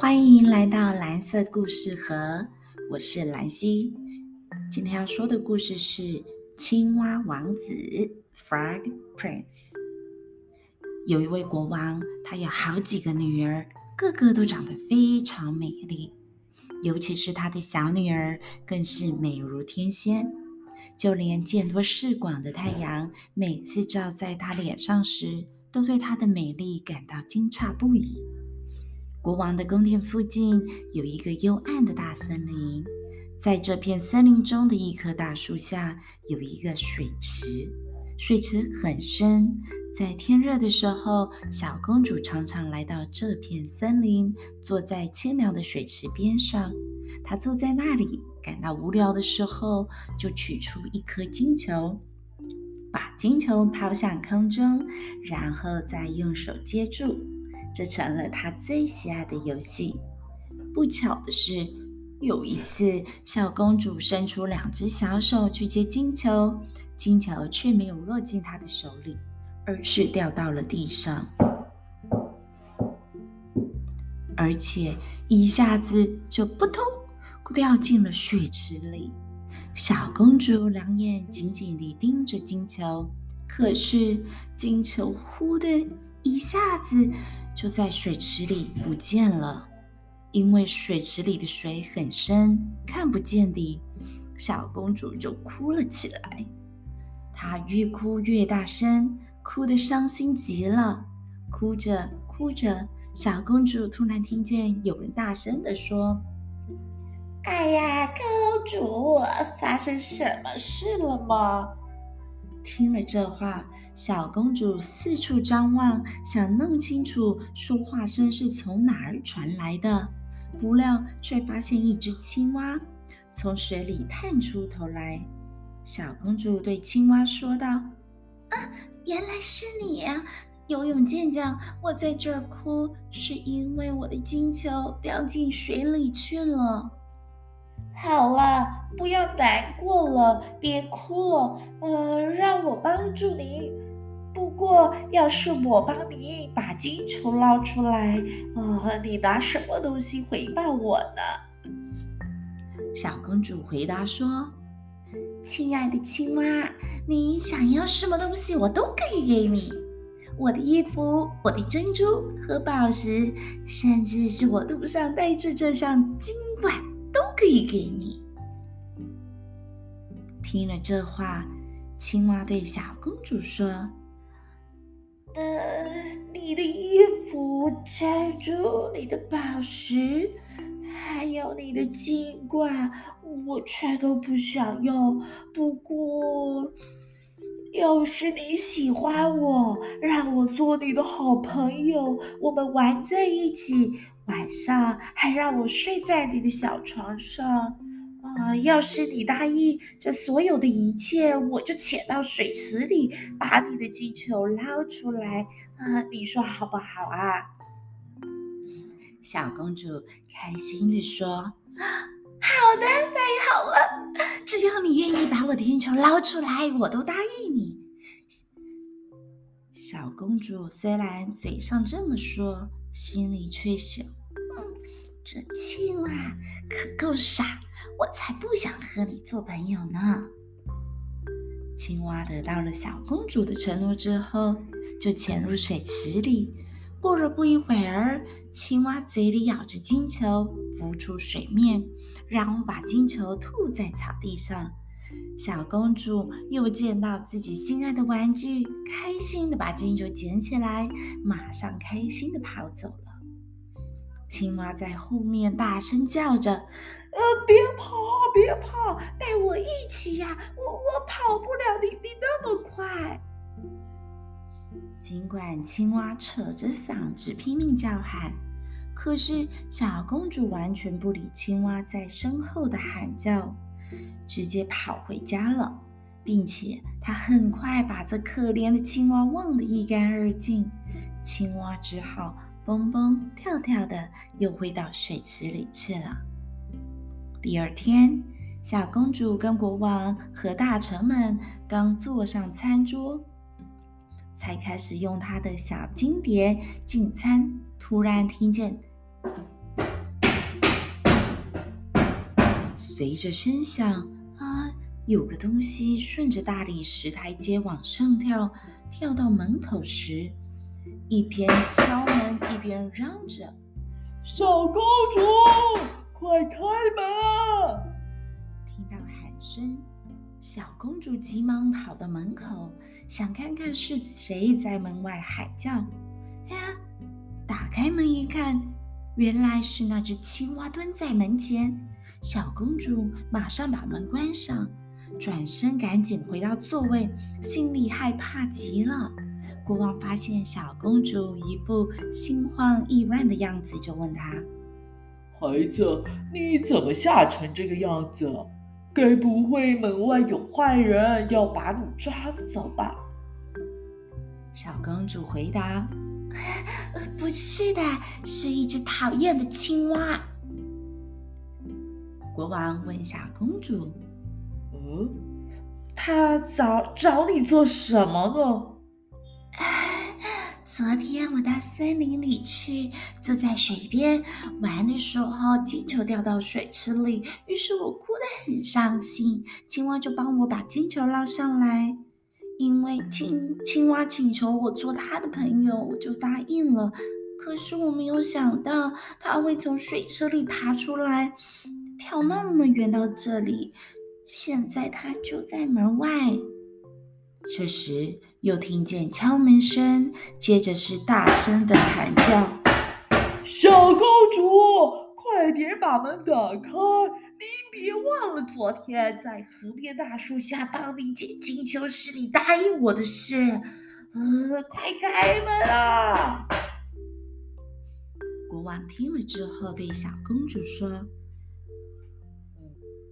歡迎來到藍色故事盒，我是藍萍。今天要說的故事是《青蛙王子》（Frog Prince）。有一位國王，他有好幾個女兒，個個都長得非常美麗，尤其是他的小女兒，更是美如天仙。就連見多識廣的太陽，每次照在她臉上時，都對她的美麗感到驚詫不已。國王的宮殿附近有一個幽暗的大森林，在這片森林中的一棵大樹下有一個水池，水池很深。在天熱的時候，小公主常常來到這片森林，坐在清涼的水池邊上。她坐在那裡感到無聊的時候，就取出一顆金球，把金球拋向空中，然後再用手接住。這成了她最喜愛的遊戲。不巧的是，有一次，小公主伸出兩隻小手去接金球，金球卻沒有落進她的手裡，而是掉到了地上，而且一下子就撲通掉進了水池裡。小公主兩眼緊緊地盯着金球，可是金球忽的一下子。就在水池裡不見了，因為水池裡的水很深，看不見底。小公主就哭了起來，她越哭越大聲，哭得傷心極了。哭着哭着，小公主突然聽見有人大聲地說：“哎呀，公主，發生什麼事了嗎？”聽了這話，小公主四處張望，想弄清楚說話聲是從哪兒傳來的，不料卻發現一隻青蛙從水裡探出頭來。小公主對青蛙說道：“啊，原來是你呀，游泳健將，我在這兒哭，是因為我的金球掉進水裡去了。”好了，不要難過了，別哭了。呃，讓我幫助你。不過，要是我幫你把金球撈出來，呃，你拿什麼東西回報我呢？小公主回答說：“親愛的青蛙，你想要什麼東西，我都可以給你。我的衣服、我的珍珠和寶石，甚至是我頭上戴着這頂金。”可以給你。聽了這話，青蛙對小公主說：“呃，你的衣服、珍珠、你的寶石，還有你的金冠，我全都不想要。不過，要是你喜歡我，讓我做你的好朋友，我們玩在一起。”晚上還讓我睡在你的小床上，啊、呃！要是你答應這所有的一切，我就潛到水池裡把你的金球撈出來，啊、呃！你說好不好啊？小公主開心地說：“啊、好的，太好了！只要你願意把我的金球撈出來，我都答應你。”小公主雖然嘴上這麼說，心裡卻想，這青蛙可夠傻，我才不想和你做朋友呢。青蛙得到了小公主的承諾之後，就潛入水池裡。過了不一會兒，青蛙嘴裡咬着金球浮出水面，然後把金球吐在草地上。小公主又見到自己心愛的玩具，開心的把金球撿起來，馬上開心的跑走了。青蛙在後面大聲叫着：“呃，別跑，別跑，帶我一起呀！我我跑不了，你你那麼快。”儘管青蛙扯着嗓子拼命叫喊，可是小公主完全不理青蛙在身後的喊叫，直接跑回家了，並且她很快把這可憐的青蛙忘得一乾二淨。青蛙只好。蹦蹦跳跳的，又回到水池裡去了。第二天，小公主跟國王和大臣們剛坐上餐桌，才開始用她的小金碟進餐。突然聽見，隨着聲響，啊，有個東西順着大理石台階往上跳，跳到門口時，一邊敲門一邊嚷着：“小公主，快開門啊！”聽到喊聲，小公主急忙跑到門口，想看看是誰在門外喊叫。哎呀，打開門一看，原來是那隻青蛙蹲在門前。小公主馬上把門關上，轉身趕緊回到座位，心裡害怕極了。國王發現小公主一副心慌意亂的樣子，就問她：“孩子，你怎麼嚇成這個樣子？該不會門外有壞人要把你抓走吧？”小公主回答：“啊，不是的，是一隻討厭的青蛙。”國王問小公主：“嗯，他找找你做什麼呢？”昨天我到森林裡去，坐在水邊玩的時候，金球掉到水池裡，於是我哭得很傷心。青蛙就幫我把金球撈上來，因為青青蛙請求我做它的朋友，我就答應了。可是我沒有想到它會從水池裡爬出來，跳那麼遠到這裡，現在它就在門外。這時，又聽見敲門聲，接着是大聲的喊叫：“小公主，快點把門打開！您別忘了，昨天在河邊大樹下幫你撿金球是你答應我的事。呃，快開門啊！”國王聽了之後，對小公主說：“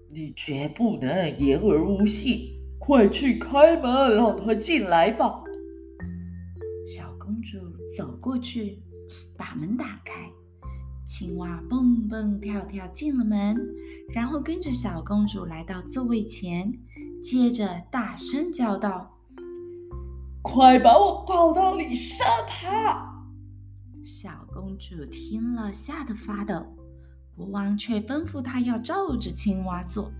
你絕不能言而無信。”快去開門，讓他進來吧。小公主走過去，把門打開。青蛙蹦蹦跳跳進了門，然後跟着小公主來到座位前，接着大聲叫道：“快把我抱到你身旁！”小公主聽了，嚇得發抖。國王卻吩咐她要照着青蛙做。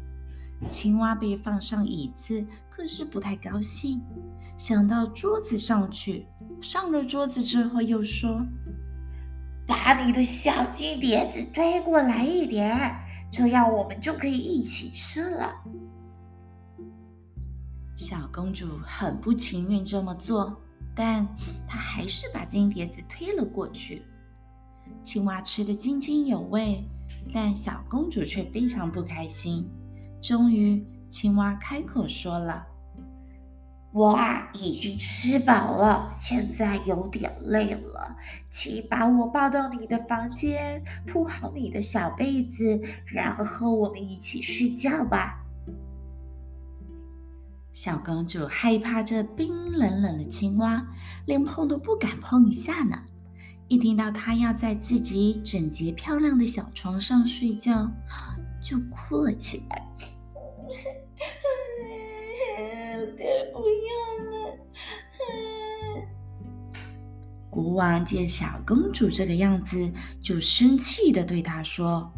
青蛙被放上椅子，可是不太高興。想到桌子上去，上了桌子之後又說：“把你的小金碟子推過來一點兒，這樣我們就可以一起吃了。”小公主很不情願這麼做，但她還是把金碟子推了過去。青蛙吃得津津有味，但小公主卻非常不開心。終於，青蛙開口說了：“我啊，已經吃飽了，現在有點累了，請把我抱到你的房間，鋪好你的小被子，然後我們一起睡覺吧。”小公主害怕這冰冷冷的青蛙，連碰都不敢碰一下呢。一聽到她要在自己整潔漂亮的小床上睡覺，就哭了起來。不要了！國王見小公主這個樣子，就生氣的對她說：“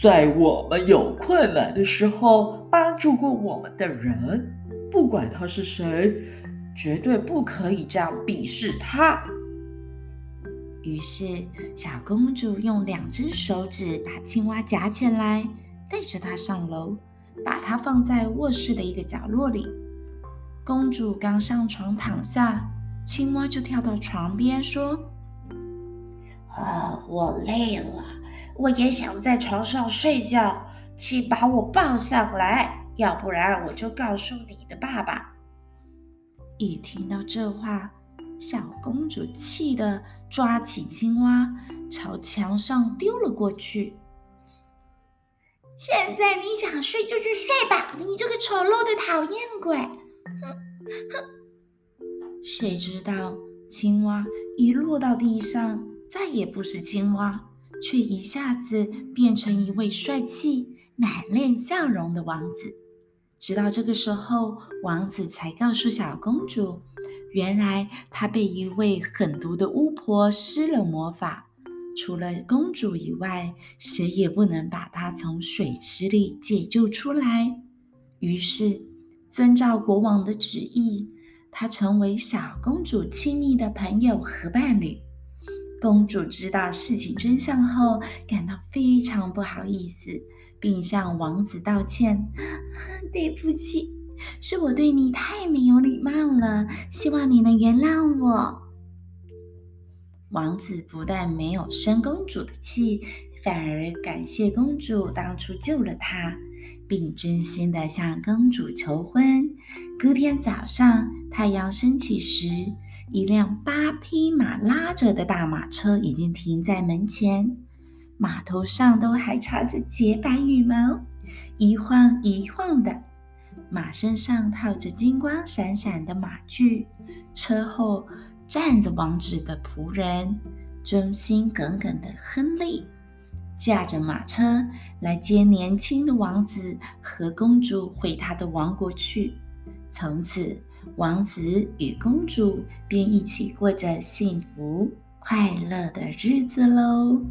在我們有困難的時候幫助過我們的人，不管他是誰，絕對不可以這樣鄙視他。”於是，小公主用兩隻手指把青蛙夾起來，帶着它上樓，把它放在臥室的一個角落裡。公主剛上床躺下，青蛙就跳到床邊說：“啊，我累了，我也想在床上睡覺，請把我抱上來，要不然我就告訴你的爸爸。”一聽到這話，小公主氣得抓起青蛙朝牆上丟了過去。現在你想睡就去睡吧，你這個醜陋的討厭鬼！哼，誰知道青蛙一落到地上，再也不是青蛙，卻一下子變成一位帥氣、滿臉笑容的王子。直到這個時候，王子才告訴小公主，原來他被一位狠毒的巫婆施了魔法，除了公主以外，誰也不能把她從水池裡解救出來。於是，遵照國王的旨意，他成為小公主親密的朋友和伴侶。公主知道事情真相後，感到非常不好意思，並向王子道歉：“ 對不起，是我對你太沒有禮貌了，希望你能原諒我。”王子不但沒有生公主的氣，反而感謝公主當初救了他。並真心地向公主求婚。隔天早上，太陽升起時，一輛八匹馬拉着的大馬車已經停在門前，馬頭上都還插着潔白羽毛，一晃一晃的。馬身上套着金光閃閃的馬具，車後站着王子的僕人，忠心耿耿的亨利。駕着馬車來接年輕的王子和公主回他的王國去。從此，王子與公主便一起過着幸福快樂的日子嘍。